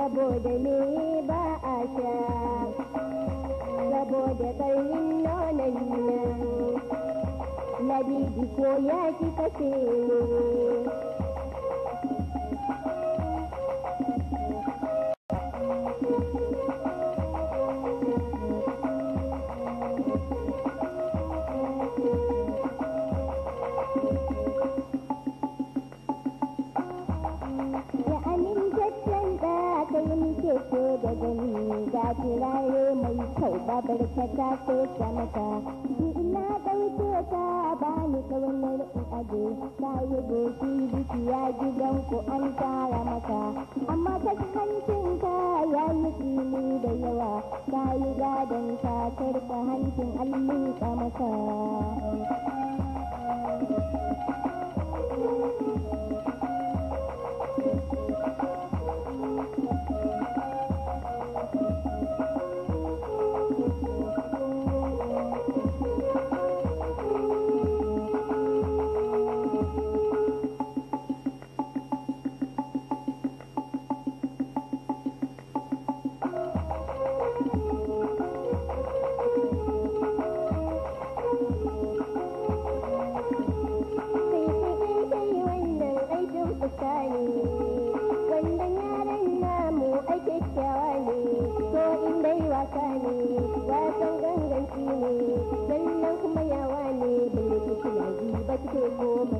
rabo da me ba a sha rabo da tsarin nonon nan labidi ko ya ki kashe ne ya so da gani ga turare mai kyau babar ta ta so ta mata ni ina ɗauke ta ba ni kawanar in aje ta yi goshi dukiya gidan ku an fara mata amma kaskancin ka ya yi tsini da yawa ta yi gadon ta karɓa hancin allin mata. san ganganci ne lallan kuma yawa ne da yake kila ba ki komai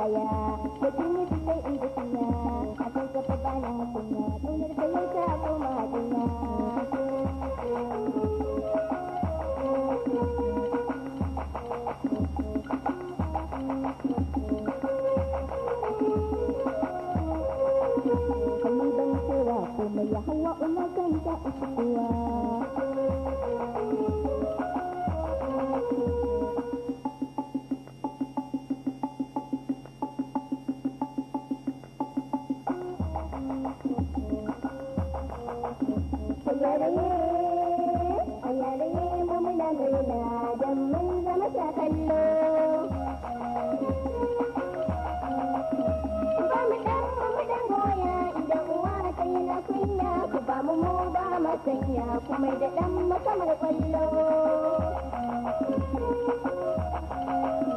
kaya Mutum ya sai in ji kunya A kan kafa bana hakunya Kaunar da ya sa ko mahaɗinya Kami ban cewa komai ya hawa umar kan a cikuwa kallo ba mu dan mu dan goya idan uwa na kai na kunya ku bamu muba masanya ba ku mai da dan makamar kallo